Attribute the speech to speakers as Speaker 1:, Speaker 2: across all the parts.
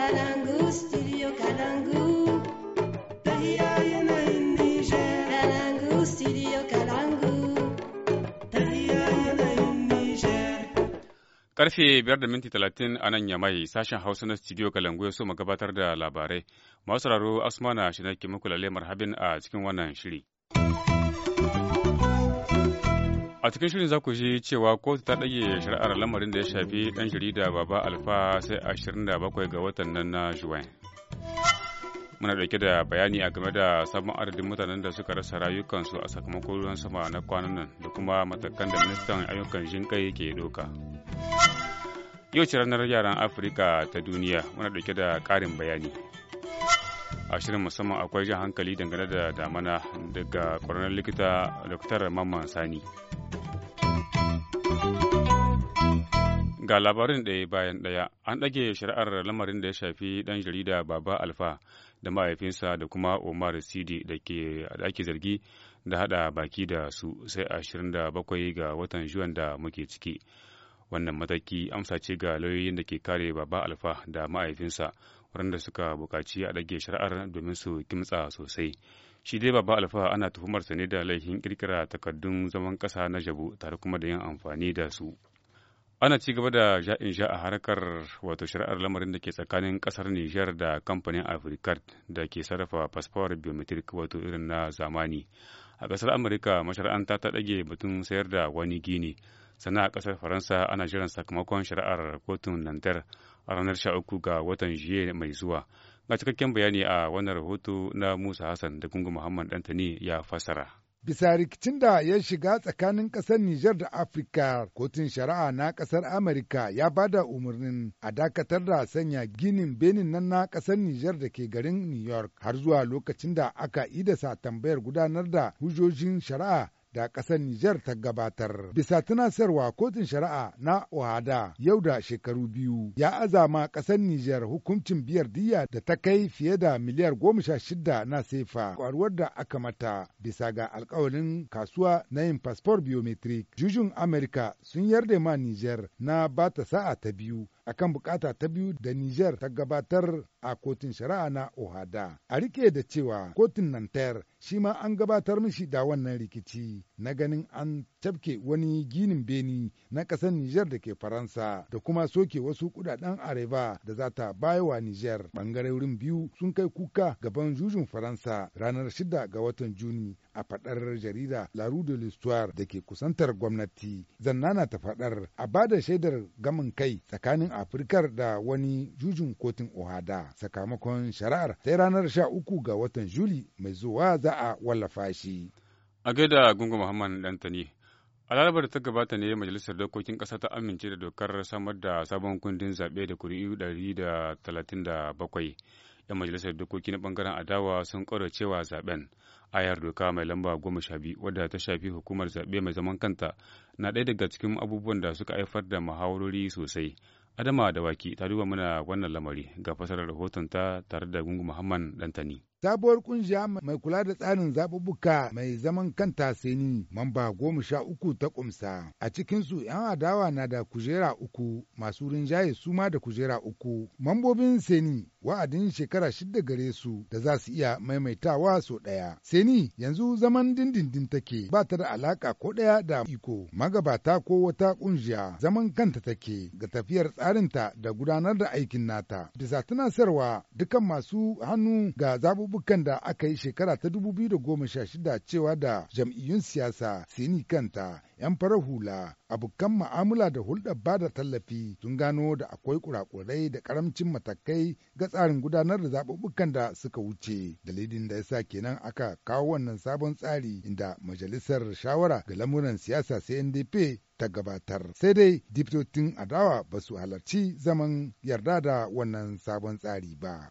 Speaker 1: Kalangu, studio
Speaker 2: Karfe biyar da minti talatin a nan Yamai, sashen Hausa na studio Kalangu ya so ma gabatar da labarai. Masu raro Asmana shi nake muku lalle marhabin a cikin wannan shiri. A cikin shirin za ku ji cewa kotu ta ɗage shari'ar lamarin da ya shafi ɗan jarida Baba Alfa sai ashirin 27 ga watan nan na Juwan. Muna ɗauke da bayani a game da sabon adadin mutanen da suka rasa rayukansu a sakamakon ruwan sama na kwanan nan da kuma matakan da ministan ayyukan jinƙai ke doka. Yau ce ranar yaran Afirka ta duniya muna ɗauke da ƙarin bayani. a shirin musamman akwai jan hankali dangane da damana daga ƙwararren likita dr mamman sani ga labarin ɗaya bayan ɗaya an ɗage shari'ar lamarin da ya shafi ɗan jarida baba alfa da mahaifinsa da kuma omar sidi da ake zargi da haɗa baki da su sai ashirin da bakwai ga watan juwan da muke ciki wannan mataki amsa ce ga lauyoyin da ke kare baba alfa da mahaifinsa waɗanda suka buƙaci a ɗage shari'ar domin su kimtsa sosai shi dai baba alfa ana tuhumarsa ne da laifin ƙirƙira takardun zaman ƙasa na jabu tare kuma da yin amfani da su ana ci gaba da ja'in sha a harkar wato shari'ar lamarin da ke tsakanin ƙasar niger da kamfanin Africard da ke sarrafa fasfawar biometric wato irin na zamani. A ƙasar Amurka mashara'anta ta ɗage batun sayar da wani gini, sannan a kasar Faransa ana jiran sakamakon shari'ar kotun Nantar a ranar uku ga watan jiye mai zuwa. Ga cikakken bayani a wannan rahoto na Musa Hassan da Gungu Muhammad Dantani ya fassara.
Speaker 3: bisa rikicin da ya shiga tsakanin ƙasar Nijar da Afirka, kotun shari'a na ƙasar Amurka ya ba da umarnin a dakatar da sanya ginin benin nan na ƙasar Nijar da ke garin New York har zuwa lokacin da aka idasa tambayar gudanar da hujjojin shari'a da ƙasar Nijar ta gabatar. Bisa tunasarwa kotun shari'a na Ohada yau da shekaru biyu ya azama ƙasar Nijar hukuncin biyar diya da ta kai fiye da miliyar goma sha shida na sefa ƙwaruwar da aka mata bisa ga alƙawalin kasuwa na yin fasfor biometric. Jujun Amerika sun yarda ma Nijar na bata sa'a ta biyu akan bukata ta biyu da Nijar ta gabatar a kotun shari'a na Ohada. A rike da cewa kotun tayar shi ma an gabatar mishi da wannan rikici na ganin an tafke wani ginin beni na ƙasar Nijar da ke Faransa da kuma soke wasu kudaden Areva da za ta wa Nijar. Bangarorin biyu sun kai kuka gaban jujun Faransa ranar 6 ga watan Juni a fadar jarida La Rue de l'Histoire da ke kusantar gwamnati. Zannana ta fadar a bada shaidar gamin kai tsakanin afirkar da wani jujin kotun ohada sakamakon shari'ar sai ranar sha uku ga watan juli mai zuwa za a wallafa shi
Speaker 2: a gaida gungun muhammad dantani a larabar ta gabata ne majalisar dokokin ƙasa ta amince da dokar samar da sabon kundin zaɓe da kuri'u 137 'yan majalisar dokoki na bangaren adawa sun ƙaura cewa zaben ayar doka mai lamba goma sha biyu wadda ta shafi hukumar zaɓe mai zaman kanta na ɗaya daga cikin abubuwan da suka haifar da muhawarori sosai Adama da waki ta duba mana wannan lamari ga fasarar rahoton ta tare da Gungu Muhammad Dantani.
Speaker 3: Sabuwar kungiya mai kula da tsarin zabubuka mai zaman kanta seni mamba goma sha uku ta ƙumsa. A cikinsu 'yan adawa na da kujera uku masu rinjaye suma da kujera uku. Mambobin seni wa'adin shekara shida gare su da za su iya maimaitawa sau ɗaya. Seni yanzu zaman dindindin take ba ta da alaƙa ko ɗaya da iko magabata ko wata kungiya zaman kanta take ga tafiyar tsarinta da gudanar da aikin nata. Bisa tunasarwa dukan masu hannu ga zaɓuɓɓuka zaɓuɓɓukan da aka yi shekara ta 2016 cewa da jam'iyyun siyasa sini kanta 'yan farar hula abokan ma'amula da hulɗar ba da tallafi sun gano da akwai kurakurai da karamcin matakai ga tsarin gudanar da zaɓuɓɓukan da suka wuce dalilin da yasa kenan aka kawo wannan sabon tsari inda majalisar shawara ga lamuran siyasa CNDP ta gabatar sai dai diptotin adawa ba su halarci zaman yarda da wannan sabon tsari ba.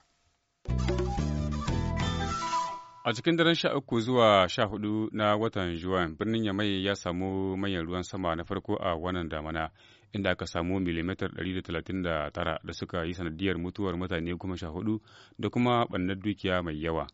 Speaker 2: A cikin daren sha uku zuwa sha hudu na watan Juwan, birnin Yamai ya samu manyan ruwan sama na farko a wannan damana, inda aka samu milimetar 139 da suka yi sanadiyar mutuwar mutane kuma sha hudu da kuma ɓannar dukiya mai yawa.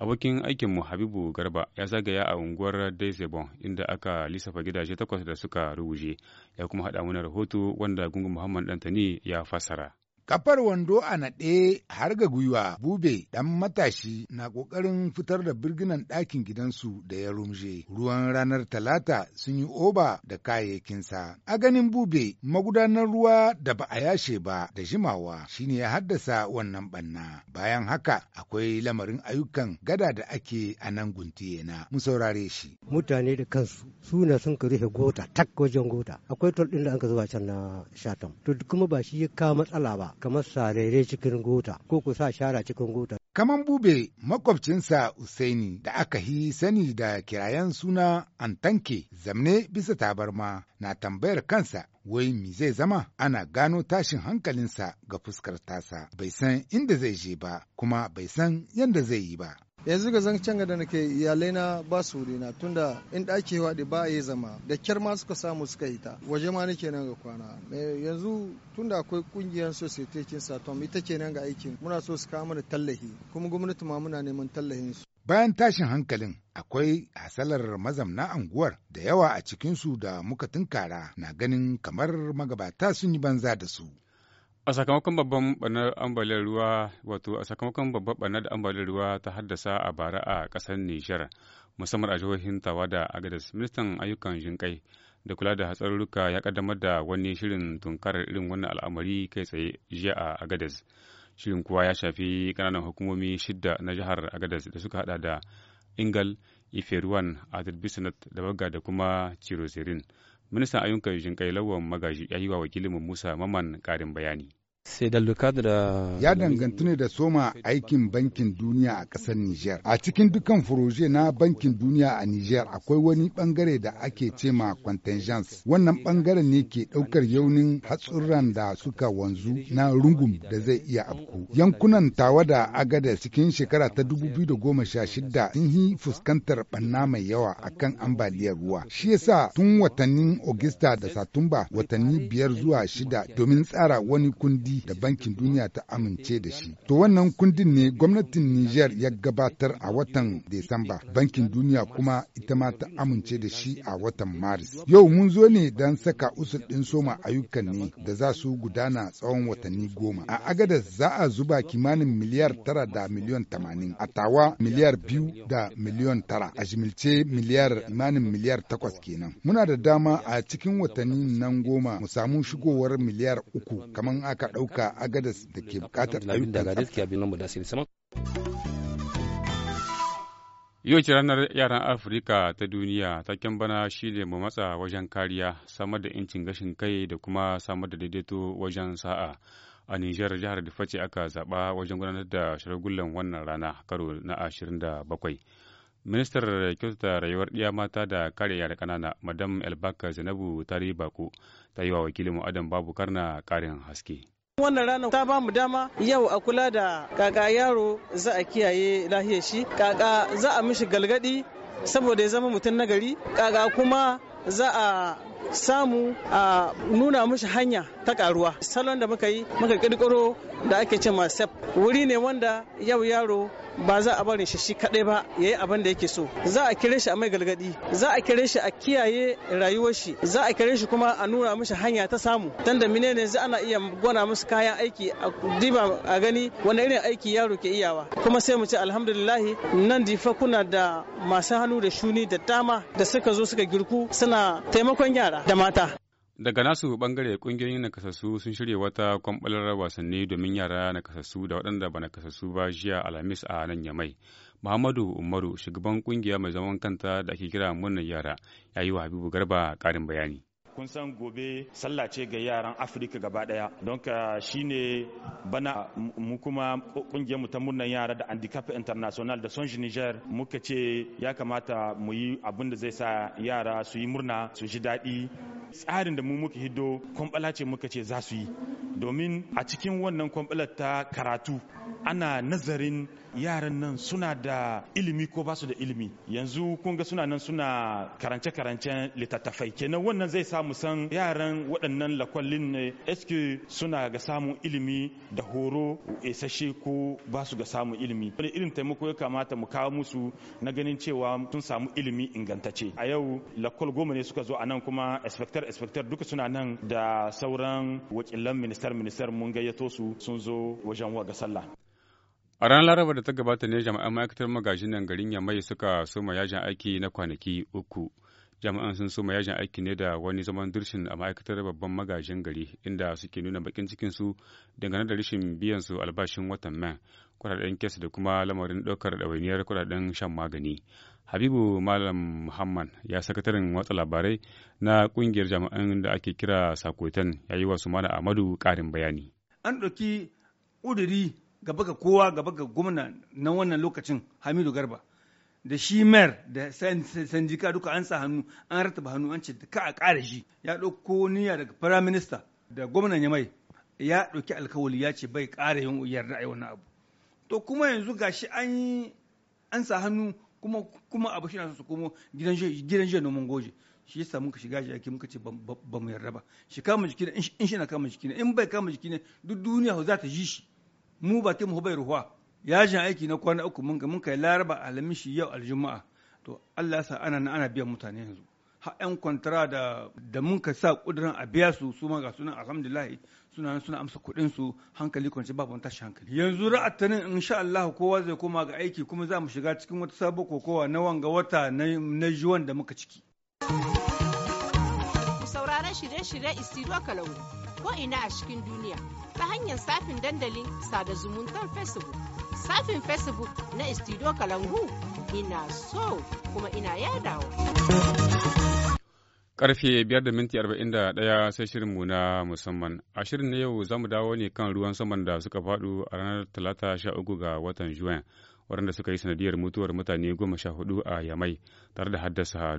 Speaker 2: Abokin aikinmu Habibu Garba ya zagaya a unguwar Daisebon inda aka lissafa gidaje takwas da suka ruguje, ya kuma haɗa mana rahoto wanda Gungun Muhammad Dantani ya fassara.
Speaker 3: Kafar wando a naɗe har ga gwiwa bube ɗan matashi na ƙoƙarin fitar da birginan ɗakin gidansu da ya rumje. Ruwan ranar talata sun yi oba da kayayyakinsa. A ganin bube magudanar ruwa da ba a yashe ba da jimawa shine ya haddasa wannan ɓanna. Bayan haka akwai lamarin ayyukan gada da ake a nan guntiyena. Mu saurare shi. Mutane da kansu suna sun ka rufe gota tak wajen gota. Akwai tol ɗin da an ka zuba can na shatam. To kuma ba shi ya kawo matsala ba. kamar sarere cikin gota ko ku sa shara cikin gota. Kaman bube makwabcinsa Usaini da aka yi sani da kirayen suna Antanke zamne bisa tabarma na tambayar kansa wai mi zai zama ana gano tashin hankalinsa ga fuskar tasa bai san inda zai je ba kuma bai san yadda zai yi ba.
Speaker 1: yanzu ga zan canza da nake iyalai na ba su tun tunda in ɗaki waɗi ba a yi zama da kyar ma suka samu suka yi ta waje ma nake nan ga kwana yanzu tunda akwai kungiyar society kin satom ita ke nan ga aikin muna so su kama da tallahi kuma gwamnati ma muna neman tallahin su
Speaker 3: bayan tashin hankalin akwai hasalar mazamna anguwar da yawa a cikinsu da muka tunkara na ganin kamar magabata sun yi banza da su
Speaker 2: a sakamakon babban banar ambaliyar ruwa wato a sakamakon babban ambaliyar ruwa ta haddasa a bara a ƙasar nijar musamman a jihohin tawa da agadas ministan ayyukan jinƙai da kula da hatsarurruka ya kaddamar da wani shirin tunkarar irin wannan al'amari kai tsaye jiya a agadas shirin kuwa ya shafi ƙananan hukumomi shidda na jihar agadas da suka hada da ingal iferuwan adirbisanat da baga da kuma cirozirin Ministan ayyukan jinƙai Lawan Magaji ya yi wa wakilin Musa Maman ƙarin bayani. Ya
Speaker 3: dangantu ne da soma aikin bankin duniya a ƙasar niger A cikin dukkan furoje na bankin duniya a niger akwai wani bangare da ake cema contingence. Wannan ɓangaren ne ke ɗaukar yaunin hatsuran da suka wanzu na rungum da zai iya afku. Yankunan tawa da agada cikin shekara ta 2016 sun yi fuskantar banna mai yawa akan ambaliyar ruwa. Shi yasa tun watannin ogusta da Satumba watanni biyar zuwa shida domin tsara wani kundi kudi da bankin duniya ta amince da shi to wannan kundin ne gwamnatin niger ya gabatar a watan desamba bankin duniya kuma ita ma ta amince da shi a watan maris yau mun zo ne don saka usul ɗin soma ayyukan ne da za su gudana tsawon watanni goma a agadas za a zuba kimanin miliyar tara da miliyon tamanin a tawa miliyar biyu da miliyon tara a jimilce miliyar imanin miliyar takwas kenan muna da dama a cikin watanni nan goma mu samu shigowar miliyar uku kamar aka ɗauka agadas da ke buƙatar
Speaker 1: ayyukan
Speaker 2: Yau ce ranar yaran Afirka ta duniya ta kyan bana shi ne mu matsa wajen kariya, samar da incin gashin kai da kuma samar da daidaito wajen sa'a. A Nijar jihar da aka zaɓa wajen gudanar da shirgullen wannan rana karo na ashirin da bakwai. Ministar kyautata rayuwar ɗiya mata da kare yara ƙanana, Madam Elbaka Zainabu Tari Bako, ta yi wa wakilinmu Adam Babu Karna ƙarin haske. wannan rana
Speaker 1: ta ba mu dama yau a kula da kaka yaro za a kiyaye lahiyar shi kaka za a mishi galgadi saboda ya zama mutum nagari kaka kuma za a samu a nuna mishi hanya ta karuwa salon da muka yi muka kirkiro da ake ce sep wuri ne wanda yau yaro ba za a barin shi shi kadai ba ya yi abin da yake so za a kire shi a mai galgadi za a kire shi a kiyaye rayuwar shi za a kire shi kuma a nuna mishi hanya ta samu tanda da menene za ana iya gwana musu kayan aiki a diba a gani wanda irin aiki yaro ke iyawa kuma sai mu ce alhamdulillah nan difa kuna da masu hannu da shuni da dama da suka zo suka girku suna taimakon yara da mata
Speaker 2: Daga nasu bangare kungiyoyin nakasassu sun shirya wata kwamɓalar wasanni domin yara nakasassu da waɗanda ba nakasassu ba jiya Alhamis a nan Yamai. Muhammadu Umaru shugaban kungiya mai zaman kanta da ake kira murnar yara ya yi wa Habibu Garba ƙarin bayani.
Speaker 1: kun san gobe sallah ce ga yaran afirka gaba daya
Speaker 2: don ka ne
Speaker 1: bana mu kuma kungiyar ta murnan yara da handicap international da sonji niger muka ce ya kamata mu yi abin da zai sa yara su yi murna su ji daɗi tsarin da mu muka hiddo kwamfala ce muka ce za su yi domin a cikin wannan kwamfalar ta karatu ana nazarin yaran nan suna da ilimi ko ba su da ilimi yanzu kun ga suna nan suna karance-karancen littattafai kenan wannan zai samu san yaran waɗannan lakwallin ne eske suna ga samun ilimi da horo isasshe ko ba su ga samun ilimi wani irin taimako ya kamata mu kawo musu na ganin cewa sun samu ilimi ingantacce a yau lakwal goma ne suka zo a nan kuma inspector inspector duka suna nan da sauran wakilan minister ministar mun gayyato su sun zo wajen waga sallah
Speaker 2: A ranar Laraba da ta gabata ne jami'an ma'aikatar magajinan garin Yamai suka soma yajin aiki na kwanaki uku. Jami'an sun soma yajin aiki ne da wani zaman dirshin a ma'aikatar babban magajin gari inda suke nuna bakin cikinsu dangane da rashin biyan su albashin watan man, kudaden kesa da kuma lamarin ɗaukar ɗawainiyar kudaden shan magani. Habibu Malam Muhammad ya sakataren watsa labarai na ƙungiyar jami'an da ake kira Sakotan ya yi wa Sumana Amadu ƙarin bayani.
Speaker 1: An ɗauki ƙuduri gaba ga kowa gaba ga gwamna na wannan lokacin hamidu garba da shi mer da sanjika duka an sa hannu an rataba hannu an ce ka a ƙara shi ya ɗauko niyya daga firayim minista da gwamnan ya mai ya ɗauki alkawali ya ce bai ƙara yin yarda a wannan abu to kuma yanzu ga shi an yi an sa hannu kuma kuma abu shi na su komo gidan gidan jiya noman goje shi yasa muka shiga shi ake muka ce ba mu yarda ba shi kama jiki ne in shi na kama jiki ne in bai kama jiki ne duk duniya za ta ji shi mu ba ta mu bai ruwa yajin aiki na kwana uku mun mun kai laraba alamishi yau aljumma'a to Allah ya sa ana nan ana biyan mutane yanzu har ɗan kwantara da da mun ka sa kudirin a biya su su ma ga sunan alhamdulillah suna suna amsa kudin su hankali kwance babu tashi hankali yanzu ra'atanin insha Allah kowa zai koma ga aiki kuma za mu shiga cikin wata sabo kokowa na wanga wata na juwan da muka ciki sauraron shirye-shirye istiro kalau ko ina a cikin duniya ta hanyar safin dandalin sada zumuntar Facebook. Safin Facebook na Istido Kalangu ina so kuma ina yadawa.
Speaker 2: Karfe 5.41 sai shirinmu na musamman. A shirin na yau za mu dawo ne kan ruwan saman da suka fadu a ranar talata sha ga watan Juin. waɗanda suka yi sanadiyar mutuwar mutane goma sha hudu a yamai tare da haddasa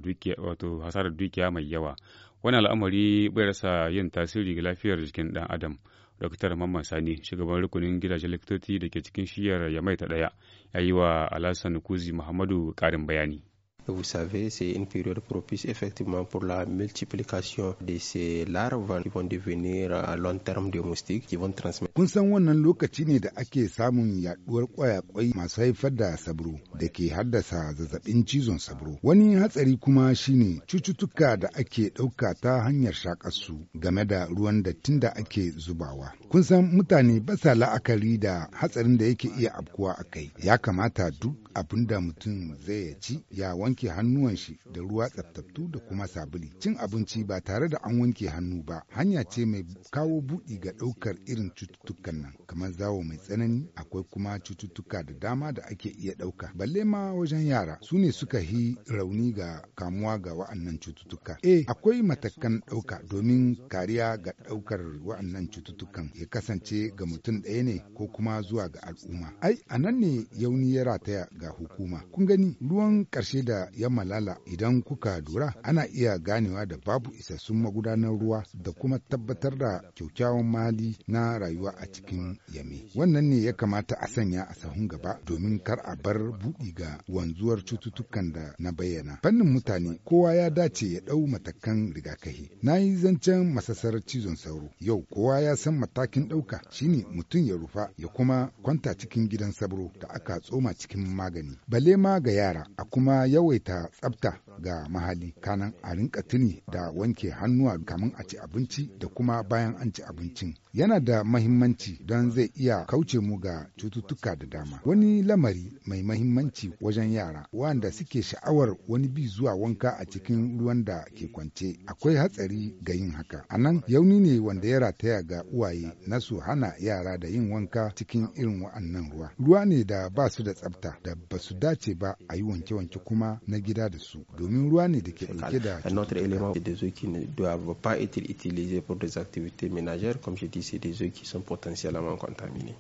Speaker 2: hasarar dukiya mai yawa wani al'amari bai rasa yin tasiri ga lafiyar jikin ɗan adam Dr. Mamman Sani, shugaban rukunin gidajen likitoci da ke cikin shiyar ya mai ta ɗaya, ya yi wa Alhassan Kuzi Muhammadu ƙarin bayani.
Speaker 1: Vous savez, c'est une période propice effectivement pour la multiplication
Speaker 3: de ces larves qui vont devenir euh, à long terme des moustiques qui vont transmettre. Kun san wannan lokaci ne da ake samun yaduwar kwayakwai masu haifar da sabro da ke haddasa zazzabin cizon sabro. Wani hatsari kuma shine cututtuka da ake ɗauka ta hanyar shakar su game da ruwan dattin da ake zubawa. Kun san mutane ba sa la'akari da hatsarin da yake iya afkuwa a kai. Ya kamata duk abin mutum zai ci ya wanke hannuwan shi da ruwa tsaftattu da kuma sabuli. Cin abinci ba tare da an wanke hannu ba hanya ce mai kawo buɗi ga ɗaukar irin cututtukan nan kamar zawo mai tsanani akwai kuma cututtuka da dama da ake iya ɗauka. Balle ma wajen yara su ne suka yi rauni ga kamuwa ga wa'annan cututtuka. Eh akwai matakan ɗauka domin kariya ga ɗaukar wa'annan cututtukan ya kasance ga mutum ɗaya ne ko kuma zuwa ga al'umma. Ai a nan ne yauni ya rataya ga hukuma. Kun gani ruwan ƙarshe da ya malala idan kuka lura ana iya ganewa da babu isassun magudanar ruwa da kuma tabbatar da kyaukyawan mali na rayuwa a cikin yame. Wannan ne ya kamata a sanya a sahun gaba domin kar a bar buɗi ga wanzuwar cututtukan da na bayyana. Fannin mutane kowa ya dace ya ɗau matakan rigakafi. Na yi zancen masasar cizon sauro. Yau kowa ya san matakin ɗauka shine mutum ya rufa ya kuma kwanta cikin gidan sabro da aka tsoma cikin magani. Bale ma ga yara a kuma yawa kawai ta tsabta ga mahali kanan a rinka tuni da wanke hannuwa kamin a ci abinci da kuma bayan an ci abincin yana da mahimmanci don zai iya kauce mu ga cututtuka da dama wani lamari mai mahimmanci wajen yara wanda suke sha'awar wani bi zuwa wanka a cikin ruwan da ke kwance akwai hatsari ga yin haka Anan, yauni ne wanda ya rataya ga uwaye na su hana yara da yin wanka cikin irin wa'annan ruwa ruwa ne da ba su da tsabta da ba su dace ba a yi wanke-wanke kuma na gida da su domin ruwa ne da ke dauke da
Speaker 1: notre élément des eaux qui ne doivent pas être utilisés pour des activités ménagères comme je dis c'est des eaux qui sont potentiellement
Speaker 2: contaminées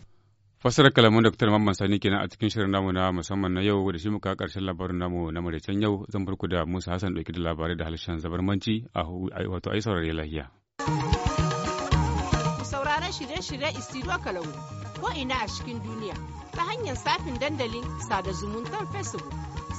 Speaker 2: Fasarar kalamun Dr. Mamman Sani kenan a cikin shirin namu na musamman na yau da shi muka karshen labarin namu na maraicen yau zan farko da Musa Hassan dauki da labarai da halshen zabarmanci a wato ai saurare lahiya.
Speaker 1: Sauraron shirye-shirye Istiro Kalau ko ina a cikin duniya ta hanyar safin dandalin sada zumuntar Facebook.